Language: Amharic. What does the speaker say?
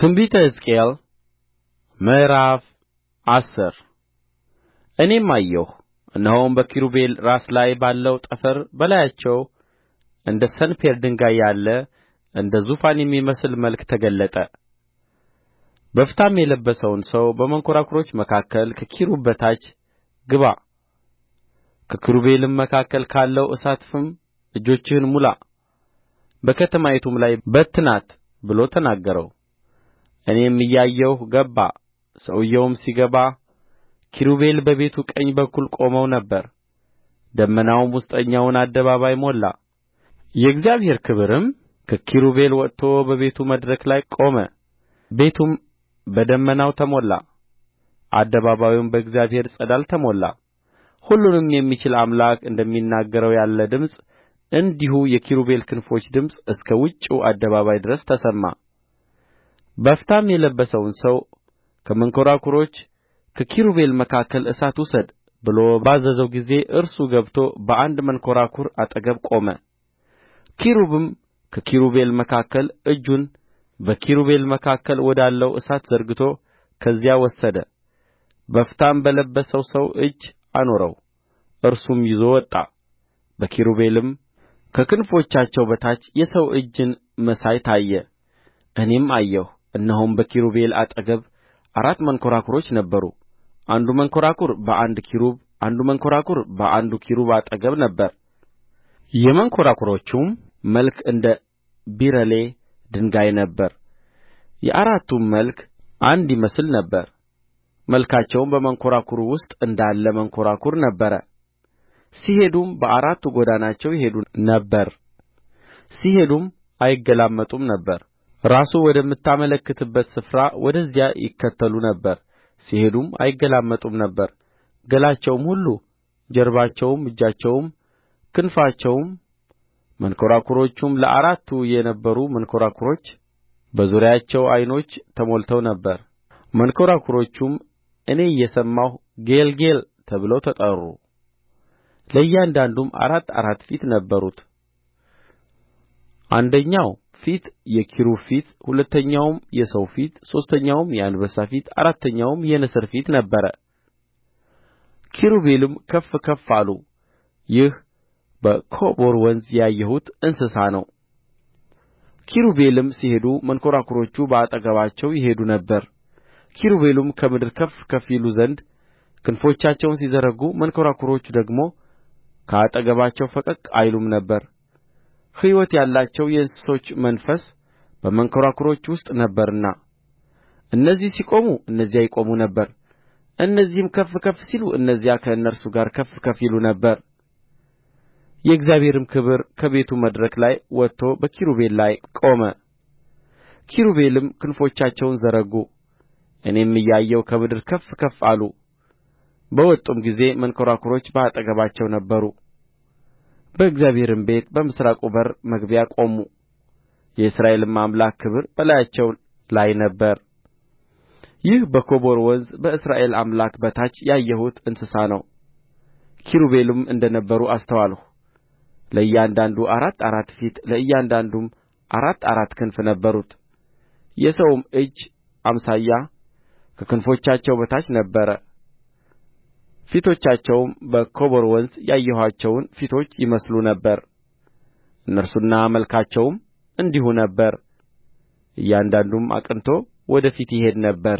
ትንቢተ ሕዝቅኤል ምዕራፍ አስር እኔም አየሁ እነሆም በኪሩቤል ራስ ላይ ባለው ጠፈር በላያቸው እንደ ሰንፔር ድንጋይ ያለ እንደ ዙፋን የሚመስል መልክ ተገለጠ በፍታም የለበሰውን ሰው በመንኰራኵሮች መካከል ከኪሩብ በታች ግባ ከኪሩቤልም መካከል ካለው እሳት ፍም እጆችህን ሙላ በከተማይቱም ላይ በትናት ብሎ ተናገረው እኔም እያየሁ ገባ ሰውየውም ሲገባ ኪሩቤል በቤቱ ቀኝ በኩል ቆመው ነበር ደመናውም ውስጠኛውን አደባባይ ሞላ የእግዚአብሔር ክብርም ከኪሩቤል ወጥቶ በቤቱ መድረክ ላይ ቆመ ቤቱም በደመናው ተሞላ አደባባዩም በእግዚአብሔር ጸዳል ተሞላ ሁሉንም የሚችል አምላክ እንደሚናገረው ያለ ድምፅ እንዲሁ የኪሩቤል ክንፎች ድምፅ እስከ ውጭው አደባባይ ድረስ ተሰማ በፍታም የለበሰውን ሰው ከመንኰራኵሮች ከኪሩቤል መካከል እሳት ውሰድ ብሎ ባዘዘው ጊዜ እርሱ ገብቶ በአንድ መንኰራኵር አጠገብ ቆመ። ኪሩብም ከኪሩቤል መካከል እጁን በኪሩቤል መካከል ወዳለው እሳት ዘርግቶ ከዚያ ወሰደ። በፍታም በለበሰው ሰው እጅ አኖረው፣ እርሱም ይዞ ወጣ። በኪሩቤልም ከክንፎቻቸው በታች የሰው እጅን መሳይ ታየ። እኔም አየሁ እነሆም በኪሩቤል አጠገብ አራት መንኰራኵሮች ነበሩ አንዱ መንኰራኵር በአንዱ ኪሩብ አንዱ መንኰራኵር በአንዱ ኪሩብ አጠገብ ነበረ የመንኰራኵሮቹም መልክ እንደ ቢረሌ ድንጋይ ነበረ የአራቱም መልክ አንድ ይመስል ነበር መልካቸውም በመንኰራኵሩ ውስጥ እንዳለ መንኰራኵር ነበረ ሲሄዱም በአራቱ ጐድናቸው ይሄዱ ነበር ሲሄዱም አይገላመጡም ነበር ራሱ ወደምታመለክትበት ስፍራ ወደዚያ ይከተሉ ነበር ሲሄዱም አይገላመጡም ነበር ገላቸውም ሁሉ ጀርባቸውም እጃቸውም ክንፋቸውም መንኰራኵሮቹም ለአራቱ የነበሩ መንኰራኵሮች በዙሪያቸው ዓይኖች ተሞልተው ነበር መንኰራኵሮቹም እኔ እየሰማሁ ጌልጌል ተብለው ተጠሩ ለእያንዳንዱም አራት አራት ፊት ነበሩት አንደኛው ፊት የኪሩብ ፊት ሁለተኛውም የሰው ፊት ሦስተኛውም የአንበሳ ፊት አራተኛውም የንስር ፊት ነበረ ኪሩቤልም ከፍ ከፍ አሉ ይህ በኮቦር ወንዝ ያየሁት እንስሳ ነው ኪሩቤልም ሲሄዱ መንኰራኵሮቹ በአጠገባቸው ይሄዱ ነበር ኪሩቤልም ከምድር ከፍ ከፍ ይሉ ዘንድ ክንፎቻቸውን ሲዘረጉ መንኰራኵሮቹ ደግሞ ከአጠገባቸው ፈቀቅ አይሉም ነበር ሕይወት ያላቸው የእንስሶች መንፈስ በመንኰራኵሮች ውስጥ ነበረና እነዚህ ሲቆሙ እነዚያ ይቆሙ ነበር እነዚህም ከፍ ከፍ ሲሉ እነዚያ ከእነርሱ ጋር ከፍ ከፍ ይሉ ነበር የእግዚአብሔርም ክብር ከቤቱ መድረክ ላይ ወጥቶ በኪሩቤል ላይ ቆመ ኪሩቤልም ክንፎቻቸውን ዘረጉ እኔም እያየሁ ከምድር ከፍ ከፍ አሉ በወጡም ጊዜ መንኰራኵሮች በአጠገባቸው ነበሩ በእግዚአብሔርም ቤት በምሥራቁ በር መግቢያ ቆሙ የእስራኤልም አምላክ ክብር በላያቸው ላይ ነበረ ይህ በኮቦር ወንዝ በእስራኤል አምላክ በታች ያየሁት እንስሳ ነው ኪሩቤልም እንደ ነበሩ አስተዋልሁ ለእያንዳንዱ አራት አራት ፊት ለእያንዳንዱም አራት አራት ክንፍ ነበሩት የሰውም እጅ አምሳያ ከክንፎቻቸው በታች ነበረ ፊቶቻቸውም በኮቦር ወንዝ ያየኋቸውን ፊቶች ይመስሉ ነበር እነርሱና መልካቸውም እንዲሁ ነበረ እያንዳንዱም አቅንቶ ወደ ፊት ይሄድ ነበር